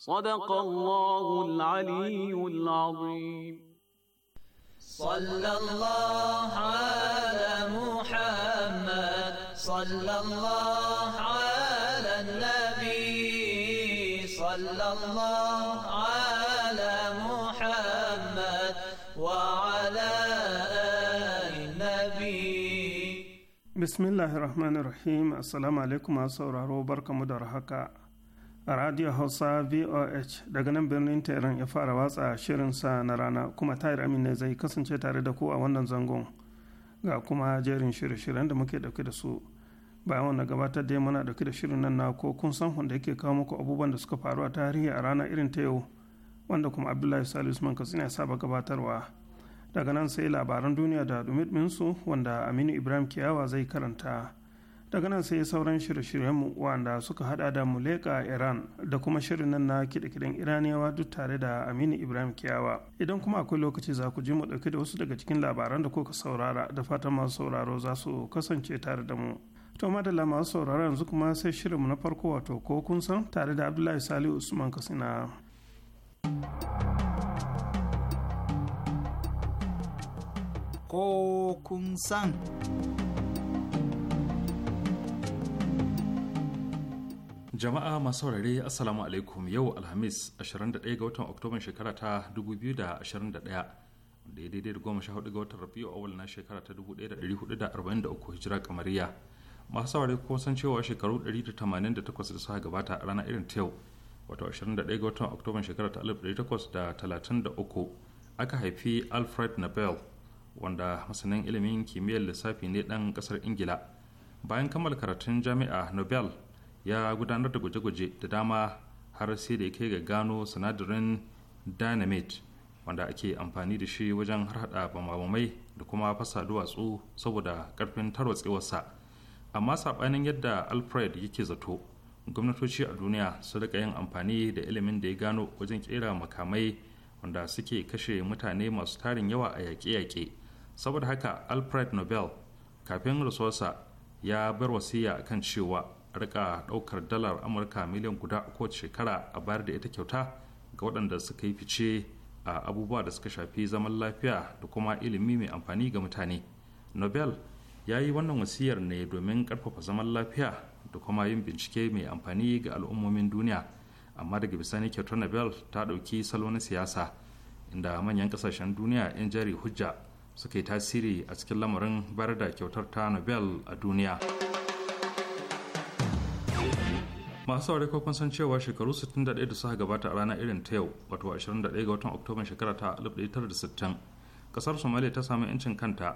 صدق الله العلي العظيم صلى الله على محمد صلى الله على النبي صلى الله على محمد وعلى آل النبي بسم الله الرحمن الرحيم السلام عليكم ورحمة الله وبركاته A radio hausa voh daga nan birnin Ta'iran ya fara watsa shirinsa na rana kuma tahir amin ne zai kasance tare da ku a wannan zangon ga kuma jerin shirye-shiryen da muke dauke da su bayan wannan gabatar da muna dauke da shirin nan na ko kun san wanda yake kawo muku abubuwan da suka faru a tarihi a rana irin ta yau wanda kuma abdullahi salisu usman katsina ya saba gabatarwa daga nan sai labaran duniya da dumit su wanda aminu ibrahim kiyawa zai karanta daga nan sai sauran shirye-shiryenmu wanda suka hada da muleka iran da kuma shirin nan na kiɗe-kiɗen iraniyawa duk tare da aminu ibrahim kiyawa idan kuma akwai lokaci za ku ji mu ɗauki da wasu daga cikin labaran da kuka saurara da fatan masu sauraro za su kasance tare da mu to madalla masu sauraro yanzu kuma sai shirinmu na farko wato ko kun san tare da abdullahi salihu usman kasina. ko kun san jama'a masu saurare assalamu alaikum yau alhamis 21 ga watan oktoban shekara ta 2021 da ya daidai da goma sha hudu ga watan rabiu awal na shekara ta 1443 hijira kamariya masu saurare kuma san cewa shekaru 188 da suka gabata a ranar irin ta yau wato 21 ga watan oktoban shekara ta 1833 aka haifi alfred nobel wanda masanin ilimin kimiyyar lissafi ne dan kasar ingila bayan kammala karatun jami'a nobel ya gudanar da gwaje-gwaje da dama har sai da ya kai ga gano sinadarin dynamite wanda ake amfani da shi wajen harhaɗa bamamai da kuma fasa duwatsu saboda ƙarfin tarwatsewarsa amma saɓanin yadda alfred yake zato gwamnatoci a duniya su rika yin amfani da ilimin da ya gano wajen kera makamai wanda suke kashe mutane masu tarin yawa a yaƙe-yaƙe saboda haka alfred nobel kafin rasuwarsa ya bar wasiya kan cewa rika daukar dalar amurka miliyan guda a kowace shekara a bayar da ita kyauta ga waɗanda suka yi fice a abubuwa da suka shafi zaman lafiya da kuma ilimi mai amfani ga mutane nobel ya yi wannan wasiyar ne domin ƙarfafa zaman lafiya da kuma yin bincike mai amfani ga al'ummomin duniya amma daga bisani kyautar nobel ta ɗauki salo na siyasa inda manyan kasashen duniya 'yan jari hujja suka yi tasiri a cikin lamarin bayar da kyautar ta nobel a duniya. masu saurari kwakwan san cewa shekaru 61 da suka gabata a ranar irin ta yau wato 21 ga watan oktoba shekara ta 1960 kasar somalia ta sami yancin kanta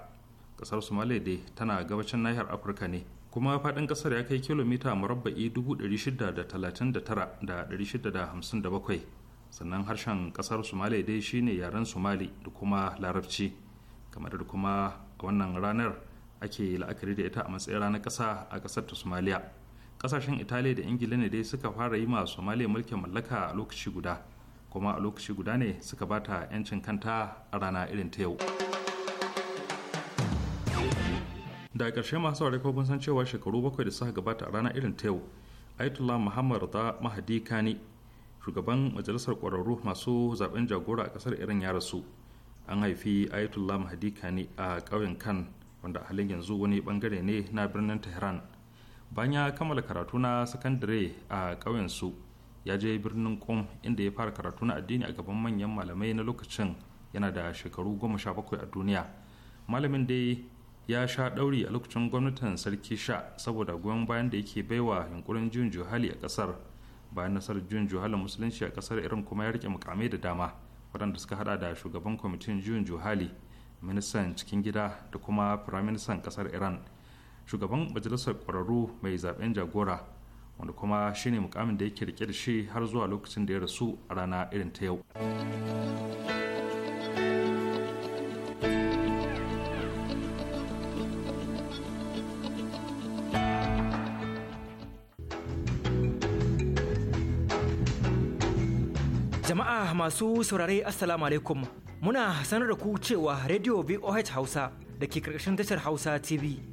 kasar somalia dai tana gabacin nahiyar afirka ne kuma faɗin ƙasar ya kai kilomita murabba'i 639,657 sannan harshen ƙasar somali dai shine yaren somali da kuma larabci kamar da kuma wannan ranar ake la'akari da ita a matsayin ranar kasa a kasar ta somalia. kasashen italiya da ingila ne dai suka fara yi ma somaliya mulkin mallaka a lokaci guda kuma a lokaci guda ne suka bata 'yancin kanta a rana irin ta yau da ƙarshe masu saurari ko san cewa shekaru bakwai da suka gabata a rana irin ta yau aitullah muhammad da mahadi kani shugaban majalisar ƙwararru masu zaben jagora a ƙasar irin ya rasu an haifi ayatollah mahadi kani a ƙauyen kan wanda halin yanzu wani bangare ne na birnin tehran bayan ya kammala karatu na sakandare a ƙauyen su ya je birnin kom inda ya fara karatu na addini a gaban manyan malamai na lokacin yana da shekaru goma sha bakwai a duniya malamin dai ya sha ɗauri a lokacin gwamnatin sarki sha saboda goyon bayan da yake baiwa yunkurin jin juhali a ƙasar bayan nasarar jin juhalin musulunci a ƙasar irin kuma ya rike mukamai da dama waɗanda suka hada da shugaban kwamitin jin juhali ministan cikin gida da kuma firaministan ƙasar iran shugaban majalisar ƙwararru mai zaben jagora wanda kuma shine mukamin da yake rike da shi har zuwa lokacin da ya rasu a rana irin ta yau jama'a masu saurare assalamu alaikum muna sanar da ku cewa radio voh hausa da ke karkashin tashar hausa tv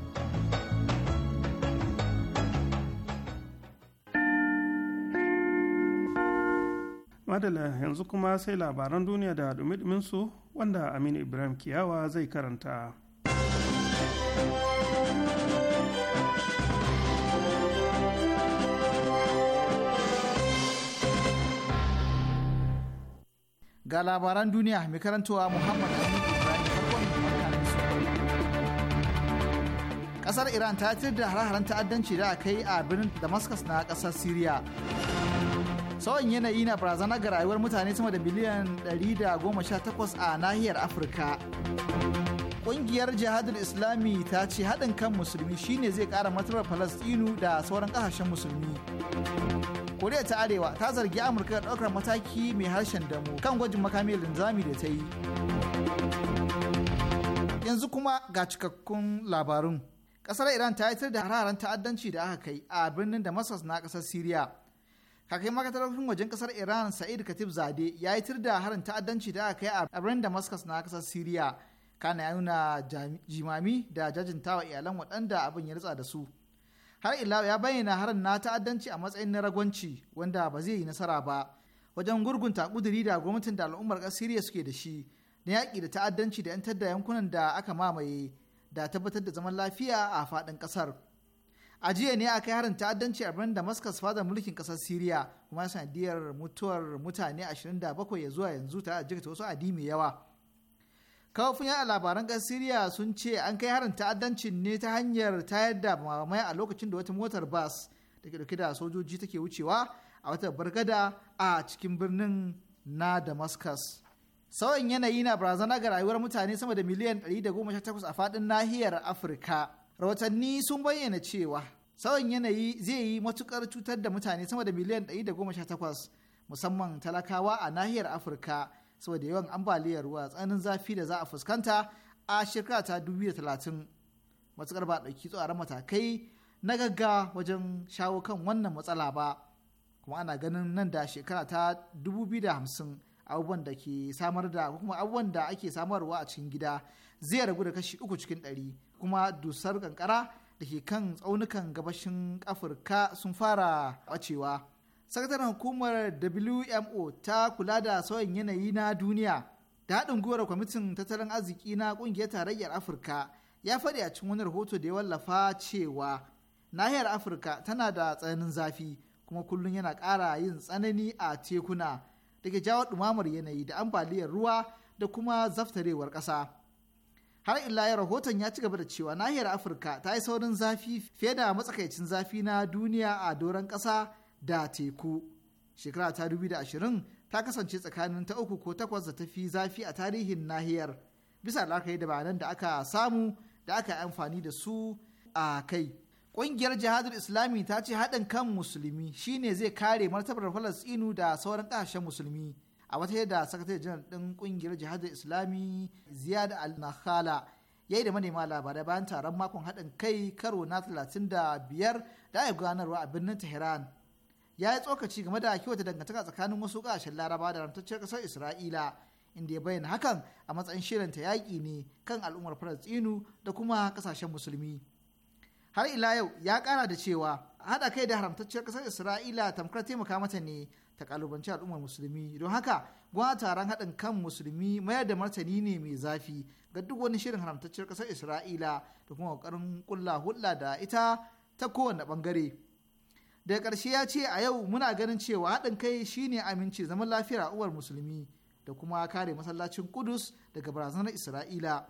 Adala yanzu kuma sai labaran duniya da dumi su wanda aminu ibrahim kiyawa zai karanta ga labaran duniya mai karantowa muhammad aminu kasar iran ta tir da hare-haren ta'addanci da aka yi a birnin damascus na ƙasar syria sauyin yanayi na barazana ga rayuwar mutane sama da miliyan 118 a nahiyar afirka ƙungiyar jihadul islami ta ce haɗin kan musulmi shine zai ƙara martabar falastinu da sauran ƙasashen musulmi koriya ta arewa ta zargi amurka da ɗaukar mataki mai harshen damu kan gwajin makamin linzami da ta yi yanzu kuma ga cikakkun labarun ƙasar iran ta yi da hararen ta'addanci da aka kai a birnin damascus na ƙasar syria makatar rufin wajen kasar iran sa'id katib zade ya yi da harin ta'addanci da aka kai a birnin damascus na kasar syria kana ya nuna jimami da jajintawa iyalan waɗanda abin ya ritsa da su har ila ya bayyana harin na ta'addanci a matsayin na ragwanci wanda ba zai yi nasara ba wajen gurgunta kuduri da gwamnatin da al'ummar ƙasar syria suke da shi na yaƙi da ta'addanci da 'yantar da yankunan da aka mamaye da tabbatar da zaman lafiya a faɗin ƙasar. a jiya ne aka yi harin ta'addanci a birnin damascus fadar mulkin kasar syria kuma sanadiyar mutuwar mutane 27 ya zuwa yanzu tare da jirgin wasu mai yawa kawafin yada labaran kasar syria sun ce an kai harin ta'addancin ne ta hanyar tayar da mamai a lokacin da wata motar bas da ke dauke da sojoji take wucewa a wata bargada a cikin birnin na damascus sauyin yanayi na barazana ga rayuwar mutane sama da miliyan 118 a fadin nahiyar afirka rahotanni sun bayyana cewa sauyin yanayi zai yi matukar cutar da mutane sama da miliyan 118 musamman talakawa a nahiyar afirka saboda yawan ambaliyar ruwa tsananin zafi da za a fuskanta a shekara ta 2030 matukar ba ɗauki tsoron matakai na gagga wajen shawo kan wannan matsala ba kuma ana ganin nan da shekara ta 2050 abubuwan da ke samar da kuma abubuwan da ake samarwa a cikin gida zai ragu da kashi uku cikin ɗari kuma dusar kankara da ke kan tsaunukan gabashin afirka sun fara bacewa sakataren hukumar wmo ta kula da sauyin yanayi na duniya da haɗin gwiwar kwamitin tattalin arziki na ƙungiyar tarayyar afirka ya faɗi a cikin wani rahoto da ya wallafa cewa nahiyar afirka tana da tsananin zafi kuma kullum yana ƙara yin tsanani a tekuna da jawo ɗumamar yanayi da ambaliyar ruwa da kuma zaftarewar ƙasa. har illa ya rahoton ya ci gaba da cewa nahiyar afirka ta yi saurin zafi fiye da matsakaicin zafi na duniya a doron ƙasa da teku shekara ta ashirin ta kasance tsakanin ta uku ko takwas da ta fi zafi a tarihin nahiyar bisa la'akari da bayanan da aka samu da aka yi amfani da su a kai ƙungiyar jihadar islami ta ce haɗin kan musulmi shine zai kare martabar falastinu da sauran ƙasashen musulmi a wata da sakatare janar ɗin ƙungiyar jihar islami ziyad al-nakhala ya yi da manema labarai bayan taron makon haɗin kai karo na 35 da aka gudanarwa a birnin tehran ya yi tsokaci game da kyauta dangantaka tsakanin wasu ƙasashen laraba da rantacciyar ƙasar isra'ila inda ya bayyana hakan a matsayin shirin ta yaƙi ne kan al'ummar falastinu da kuma ƙasashen musulmi har ila yau ya ƙara da cewa haɗa kai da haramtacciyar kasar isra'ila tamkar taimaka mata ne ta kalubanci al'ummar musulmi don haka gwamnati taron haɗin kan musulmi mayar da martani ne mai zafi ga duk wani shirin haramtacciyar ƙasar isra'ila da kuma ƙoƙarin ƙulla hulɗa da ita ta kowane ɓangare daga ƙarshe ya ce a yau muna ganin cewa haɗin kai shine aminci zaman lafiyar al'ummar musulmi da kuma kare masallacin kudus daga barazanar isra'ila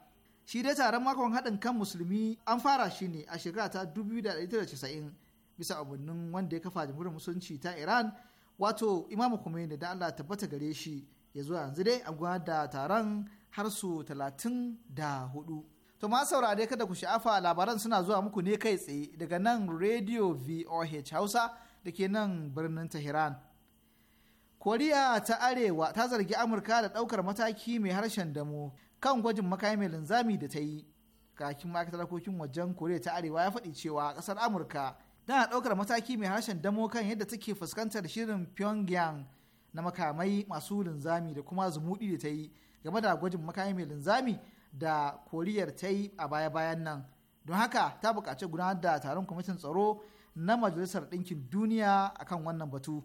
shi dai taron makon haɗin kan musulmi an fara shi ne a shekara ta 1990 bisa umarnin wanda ya kafa jamhuriyar musulunci ta iran wato imamu Khomeini da Allah tabbata gare shi ya zuwa yanzu dai a gudanar da taron har su talatin da hudu. To ma saurare kada ku sha'afa labaran suna zuwa muku ne kai tsaye daga nan Radio VOH Hausa da ke nan birnin Tehran. Koriya ta Arewa ta zargi Amurka da ɗaukar mataki mai harshen damo kan gwajin makami mai linzami da ta yi. Kakin ma'aikatar harkokin wajen Koriya ta Arewa ya faɗi cewa ƙasar Amurka tana ɗaukar mataki mai harshen damo kan yadda take fuskantar shirin pyongyang na makamai masu linzami da kuma zumuɗi da ta yi game da gwajin makamai mai linzami da koriyar ta yi a baya-bayan nan don haka ta buƙaci gudanar da taron kwamitin tsaro na majalisar ɗinkin duniya akan wannan batu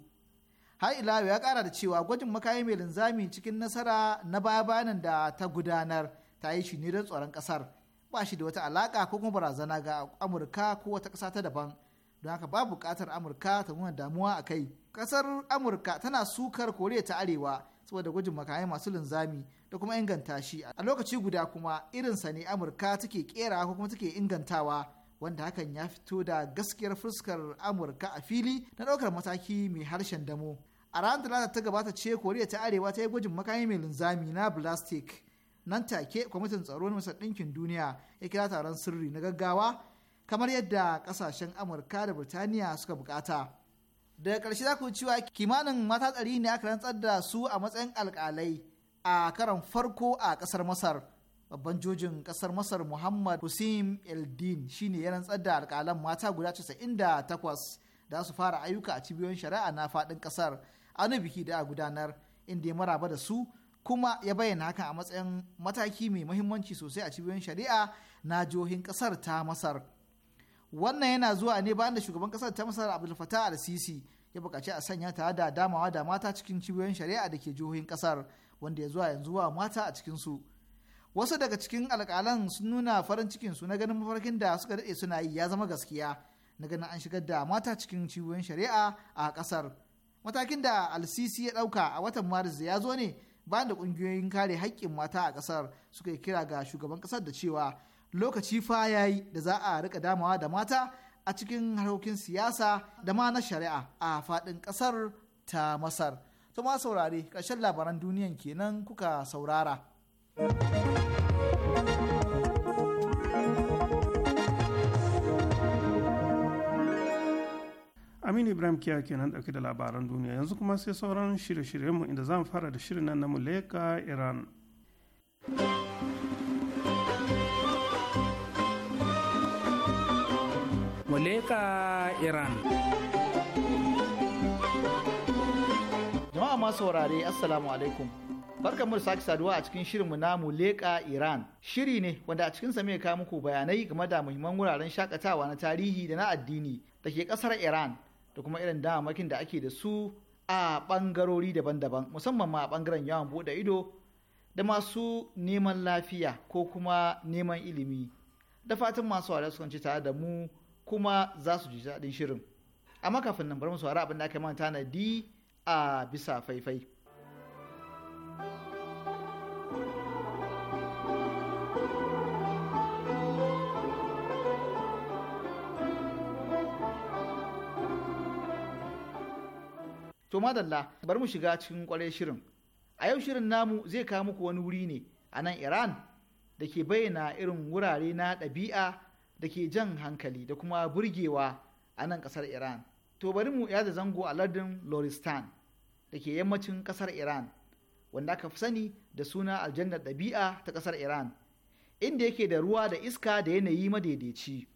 har ila ya kara da cewa gwajin makamai mai linzami cikin nasara na baya-bayan da ta gudanar ta yi shi ne don tsaron ƙasar ba shi da wata alaƙa ko kuma barazana ga amurka ko wata ƙasa ta daban don haka ba buƙatar amurka ta nuna damuwa a kai ƙasar amurka tana sukar koriya ta arewa saboda gwajin makamai masu linzami da kuma inganta shi a lokaci guda kuma irinsa ne amurka take kera ko kuma take ingantawa wanda hakan ya fito da gaskiyar fuskar amurka a fili na ɗaukar mataki mai harshen damo a ranar talata ta gabata ce koriya ta arewa ta yi gwajin makami mai linzami na plastic nan take kwamitin tsaro na masar ɗinkin duniya ya kira taron sirri na gaggawa kamar yadda kasashen amurka da birtaniya suka bukata daga karshe za ku cewa kimanin mata tsari ne aka rantsar da su a matsayin alƙalai a karan farko a ƙasar masar babban jojin kasar masar muhammad hussein eldin shine ya rantsar da alƙalan mata guda 98 da su fara ayyuka a cibiyoyin shari'a na faɗin ƙasar a wani biki da a gudanar inda ya maraba da su kuma ya bayyana hakan a matsayin mataki mai muhimmanci sosai a cibiyoyin shari'a na jihohin ƙasar ta masar wannan yana zuwa ne bayan da shugaban kasar ta masar abdul fatah al sisi ya bukaci a sanya tare da damawa da mata cikin cibiyoyin shari'a da ke jihohin kasar wanda ya zuwa yanzu wa mata a cikin su wasu daga cikin alƙalan sun nuna farin cikin su na ganin mafarkin da suka daɗe suna yi ya zama gaskiya na ganin an shigar da mata cikin cibiyoyin shari'a a kasar matakin da al-sisi ya ɗauka a watan maris ya zo ne bayan da ƙungiyoyin kare haƙƙin mata a kasar suka yi kira ga shugaban kasar da cewa lokaci fa ya yi da za a rika damawa da mata a cikin harkokin siyasa da ma na shari'a a faɗin ƙasar ta masar to ma saurare ƙarshen labaran duniyan kenan kuka saurara aminu ibrahim kiya kenan dauke da labaran duniya yanzu kuma sai sauran shirye-shiryenmu inda zan fara da shirin nan na muleka iran muleka iran jama'a masu saurare assalamu alaikum mu da sake saduwa a cikin shirinmu na muleka iran shiri ne wanda a cikinsa mai kawo muku bayanai game da muhimman wuraren shakatawa na tarihi da na addini da ke kasar iran da kuma irin damamakin da ake da su a bangarori daban-daban musamman ma a bangaren yawon bude ido da masu neman lafiya ko kuma neman ilimi da fatan masu wada sun ci tare da mu kuma za su ji daɗin shirin amma kafin nan bari mu saurari abin da aka manta na di a bisa faifai To madalla bari mu shiga cikin kwarai shirin. A yau shirin namu zai kawo muku wani wuri ne a nan Iran da ke bayyana irin wurare na ɗabi'a da ke jan hankali da kuma burgewa a nan kasar iran to bari mu yada zango a lardin loristan da ke yammacin kasar iran wanda aka fi sani da suna aljannar ɗabi'a ta kasar iran inda yake da ruwa da iska da yanayi madaidaici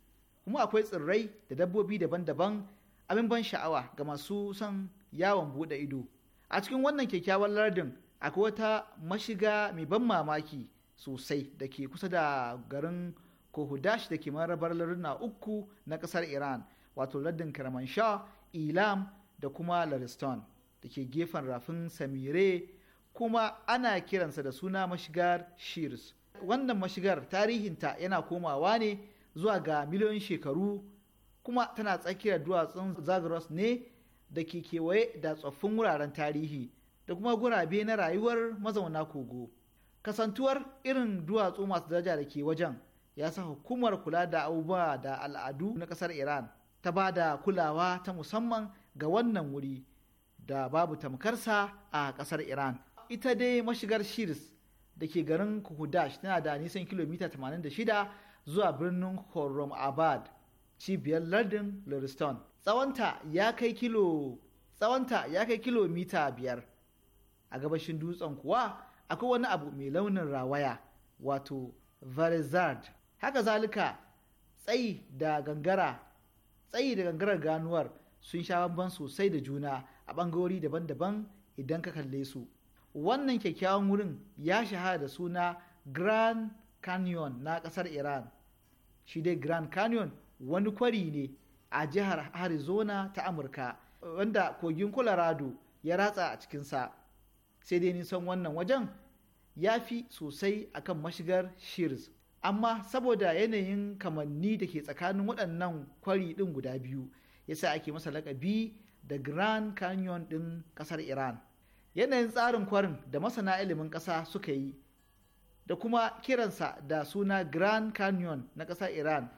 kuma akwai tsirrai da dabbobi daban-daban abin ban sha'awa ga masu son yawon buɗe ido a cikin wannan kyakkyawan lardin akwai wata mashiga mai ban mamaki sosai da ke kusa da garin ko hudash da ke marabar larduna uku na kasar iran wato lardin kermanshah ilam da kuma lariston da ke gefen rafin samire kuma ana kiransa da suna mashigar shears wannan mashigar tarihinta yana komawa ne zuwa ga miliyoyin shekaru kuma tana tsakiyar duwatsun zagros ne da ke kewaye da tsoffin wuraren tarihi da kuma gurabe na rayuwar mazauna kogo kasantuwar irin duwatsu masu daraja da ke wajen ya sa hukumar kula da abubuwa da al'adu na ƙasar iran ta ba da kulawa ta musamman ga wannan wuri da babu tamkarsa a ƙasar iran ita dai mashigar shirs da ke garin kuhudash tana da nisan kilomita 86 zuwa birnin khorram abad cibiyar lardin lurston tsawonta ya kai tsawonta kilomita biyar a gabashin dutsen kuwa akwai wani abu mai launin rawaya wato verizard haka zalika tsayi da gangara tsayi da gangarar ganuwar sun sha bamban sosai da juna a ɓangarori daban-daban idan ka kalle su wannan kyakkyawan wurin ya shahara da suna grand canyon na ƙasar iran shi dai grand canyon wani kwari ne a jihar arizona ta amurka wanda kogin colorado ya ratsa a cikinsa sai dai nisan wannan wajen ya fi sosai akan mashigar shears amma saboda yanayin kamanni da ke tsakanin waɗannan kwari ɗin guda biyu yasa ake masa lakabi da grand canyon ɗin ƙasar iran yanayin tsarin kwarin da masana ilimin ƙasa suka yi da kuma kiransa da suna grand canyon na ƙasar iran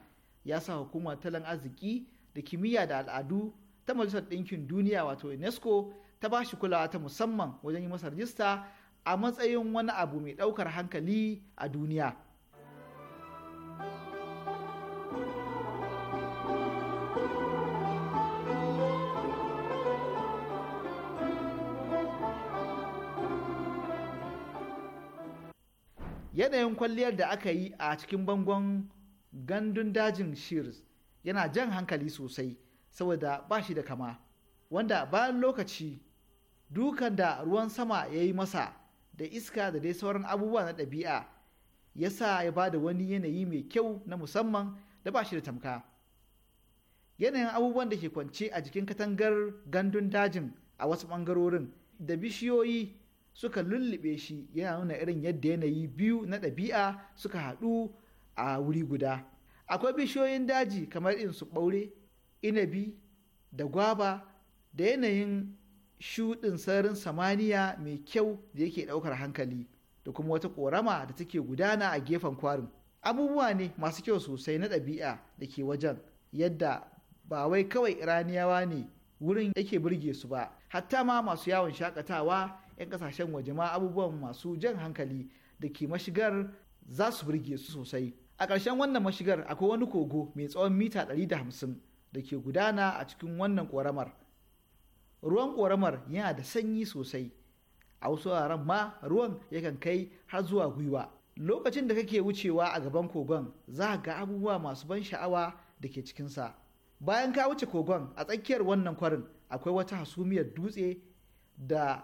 ya sa hukumar talan arziki da kimiyya da al'adu ta majalisar ɗinkin duniya wato unesco ta ba shi kulawa ta musamman wajen yi masa rajista a matsayin wani abu mai ɗaukar hankali a duniya. yanayin kwalliyar da aka yi a cikin bangon gandun dajin shears yana jan hankali sosai saboda ba shi da kama wanda bayan lokaci dukan da ruwan sama ya yi masa da iska da dai sauran abubuwa na ɗabi'a ya sa ya ba da wani yanayi mai kyau na musamman da ba shi da tamka yanayin abubuwan da ke kwance a jikin katangar gandun dajin a wasu ɓangarorin da bishiyoyi suka lullube shi yana nuna irin yadda yanayi biyu na ɗabi'a suka haɗu a wuri guda akwai bishiyoyin daji kamar in su ɓaure inabi da gwaba da yanayin shuɗin sararin samaniya mai kyau da yake ɗaukar hankali da kuma wata ƙorama da take gudana a gefen kwarin abubuwa ne masu kyau sosai na ɗabi'a da ke wajen yadda ba wai kawai iraniyawa ne wurin yake burge su ba hatta ma masu yawon shakatawa 'yan kasashen waje ma abubuwan masu jan hankali da ke mashigar za su burge su sosai a ƙarshen wannan mashigar akwai wani kogo mai tsawon mita 150 da ke gudana a cikin wannan ƙoramar ruwan ƙoramar yana da sanyi sosai a wasu wuraren ma ruwan yakan kai har zuwa gwiwa lokacin da kake wucewa a gaban kogon za ga abubuwa masu ban sha'awa da ke cikinsa bayan ka wuce kogon a tsakiyar wannan kwarin akwai wata hasumiyar dutse da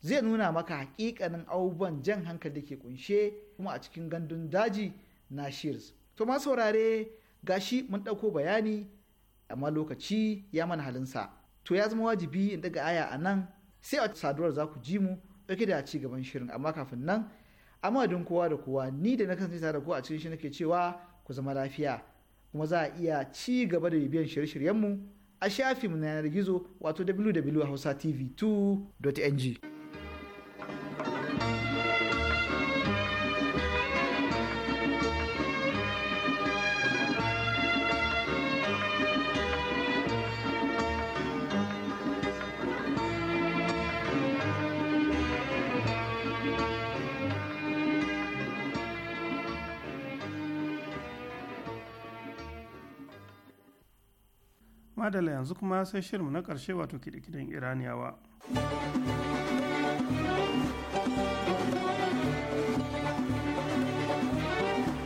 zai nuna maka hakikanin abubuwan jan hankali da ke kunshe kuma a cikin gandun daji na shears to ma saurare gashi mun ɗauko bayani amma lokaci ya mana halinsa to ya zama wajibi in daga aya a nan sai a saduwar za ku ji mu ɗauke da ci gaban shirin amma kafin nan amma don kowa da kowa ni da na kasance tare da ku a cikin shi nake cewa ku zama lafiya kuma za a iya ci gaba da bibiyan shirye mu a shafinmu na yanar gizo wato www.hausatv2.ng. Adala yanzu kuma sai shirin na ƙarshe wato kiɗe-kiɗen iraniyawa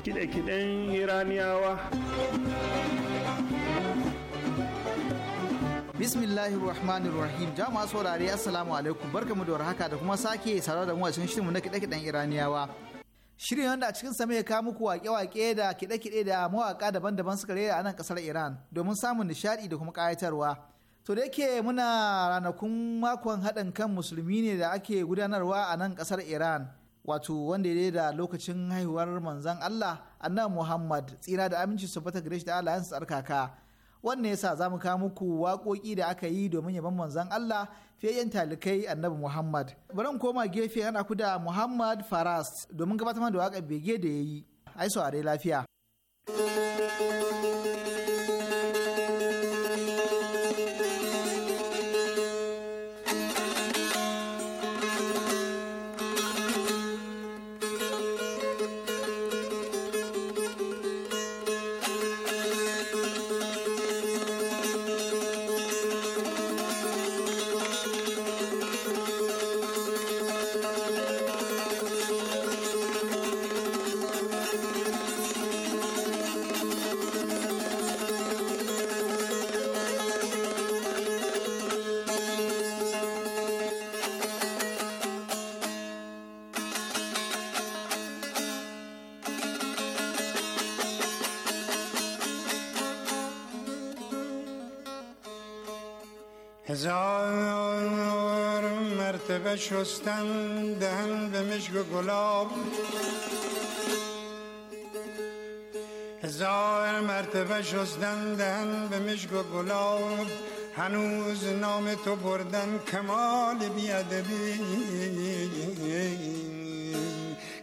kiɗe-kiɗen iraniyawa bismillahi rahmanir rahim jama'a saurare assalamu alaikum barkamu da warhaka da kuma sake sarar da mu a cikin shirinmu na kiɗe-kiɗen iraniyawa Shirin wanda a cikin mai ya kawo muku wake-wake da kiɗe-kiɗe da mawaƙa daban-daban suka rera a nan ƙasar Iran domin samun nishaɗi da kuma ƙayatarwa. To da yake muna ranakun makon haɗin kan musulmi ne da ake gudanarwa a nan ƙasar Iran. Wato wanda ya da lokacin haihuwar manzon Allah annabi Muhammad tsira da aminci su fata gare shi da Allah tsarkaka wannan yasa za mu kawo muku waƙoƙi da aka yi domin ya yaban manzon Allah fiye yan talikai annabi Muhammad. Bari koma gefe yana kuda Muhammad Faras domin gabatar da waƙar bege da ya yi. Ai saurare lafiya. هزار مرتبه شستن دهن به مشک و گلاب هزار مرتبه شستن دهن به مشک و گلاب هنوز نام تو بردن کمال بیادبی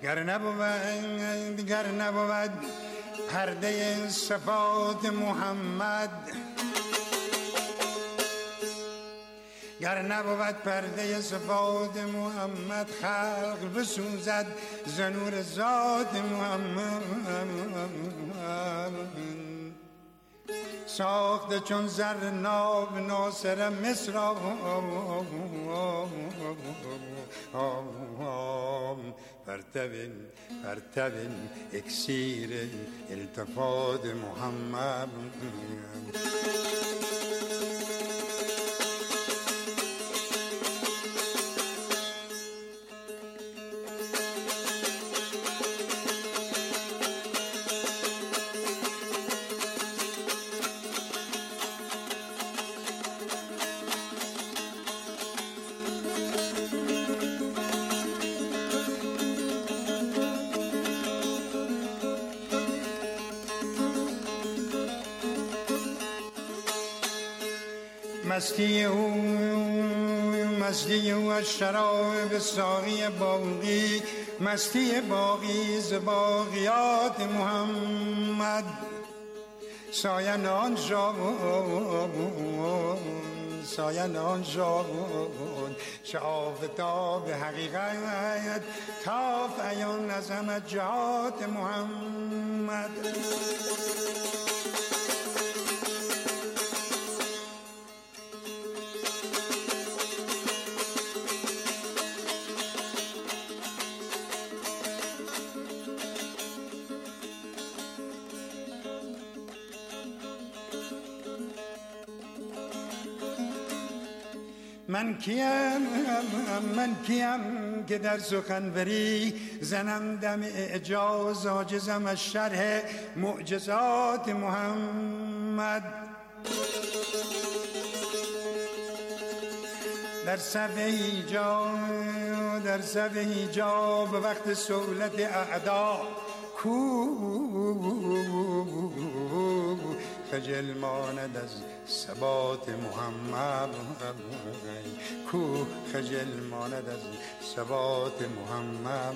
گر نبود گر نبود پرده صفات محمد گر نبود پرده سفاد محمد خلق بسوزد زنور زاد محمد ساخت چون زر ناب ناصر مصر پرتبین پرتبین اکسیر التفاد محمد ساقی باقی مستی باقی ز باقیات محمد سایه نان جاون سایه نان جاون شعاف به حقیقت تا ایان نظمت جهات محمد من کیم من کیم که در سخنوری زنم دم اعجاز آجزم از شرح معجزات محمد در صف هیجاب در صف هیجاب وقت سولت اعدا کو خجل ماند از ثبات محمد کو خجل ماند از ثبات محمد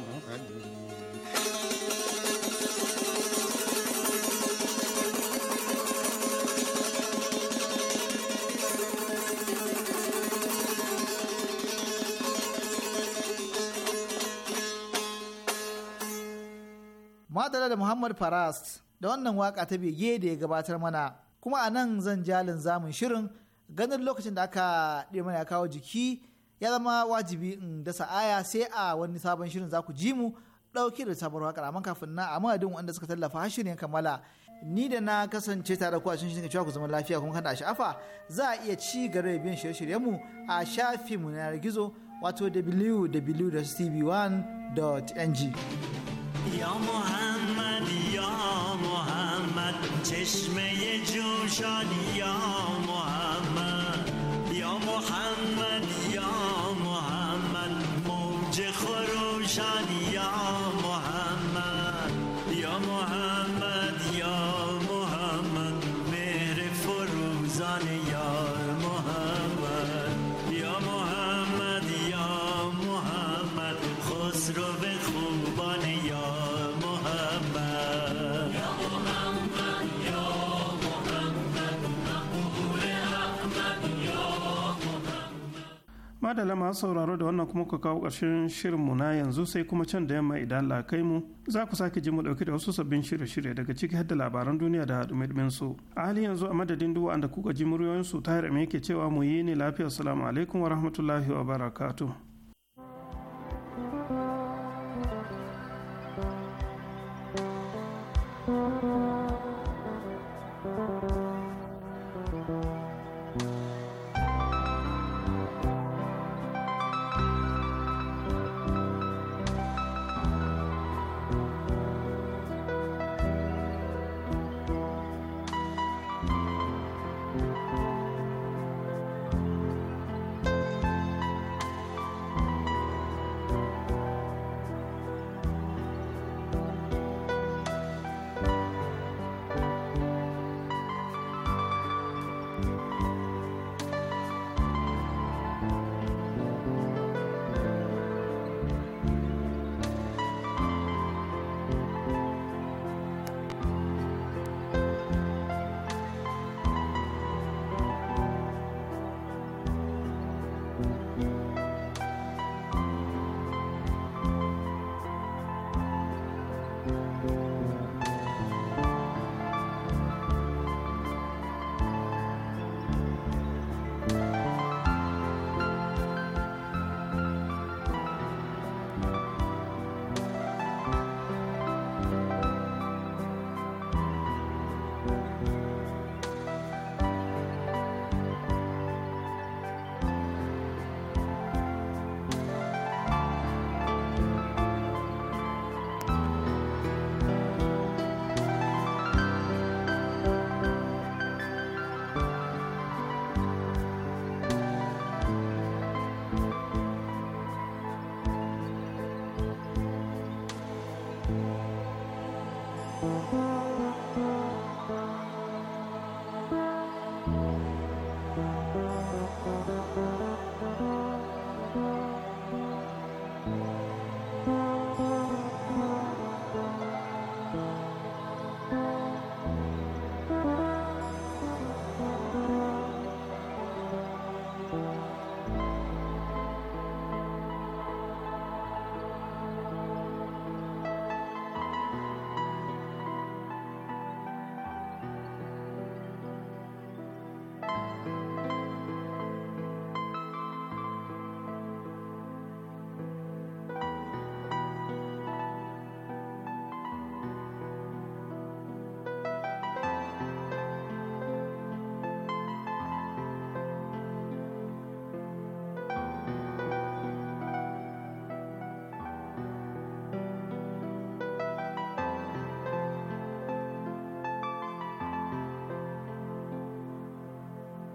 Madala محمد محمد da wannan waka ta bege da ya gabatar mana kuma a nan zan jalin zamun shirin ganin lokacin da aka ɗaya mana kawo jiki ya zama wajibi in dasa aya sai a wani sabon shirin za ku ji mu ɗauke da sabon waƙar amma kafin na a madadin wanda suka tallafa shirin kammala ni da na kasance tare ku a cikin shirin cewa ku zama lafiya kuma kada a sha'afa za a iya ci gaba da biyan shirye-shiryenmu a shafinmu na gizo wato www.tv1.ng Ya Muhammad 这是没烟酒茶的要么么，要么喊我。madala masu sauraro da wannan kuma ku kawo ƙarshen shirinmu na yanzu sai kuma can da yamma idan Allah kai mu za ku sake ji mu ɗauki da wasu sabbin shirye-shirye daga ciki har da labaran duniya da haɗumin su. A halin yanzu a madadin duwa da kuka ji muryoyinsu ta ke cewa mu yi ne lafiya salamu alaikum wa rahmatullahi wa barakatu.